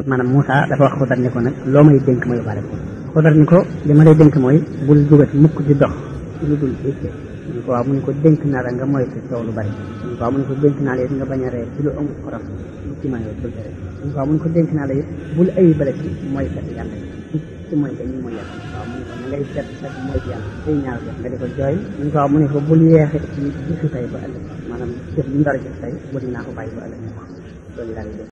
maanaam Moussa dafa wax Xodar ni ko nag loo may dénk ma yóbbaale ko Xodar ni ko li ma lay dénk mooy bul dugat mukk di dox lu dul itte mu ne ko waaw mu ne ko dénk naa la nga moytu coow lu bari mu ne ko waaw naa la nga bañ a ree ci lu amul xorom lu ci mayoo bul ree mu ne ko waaw mu ne ko dénk naa la it bul ay bale ci moykat yàlla ci mooy dañuy mu ne ko na ngay set set mooy yàlla ay ñaar def nga di ko jooy mu ko waaw mu ne ko bul yeexe ci gisu tey ba ëllëg maanaam jëf lu mu dara jëf tey bul naa ko bàyyi ba ëllëg loolu daal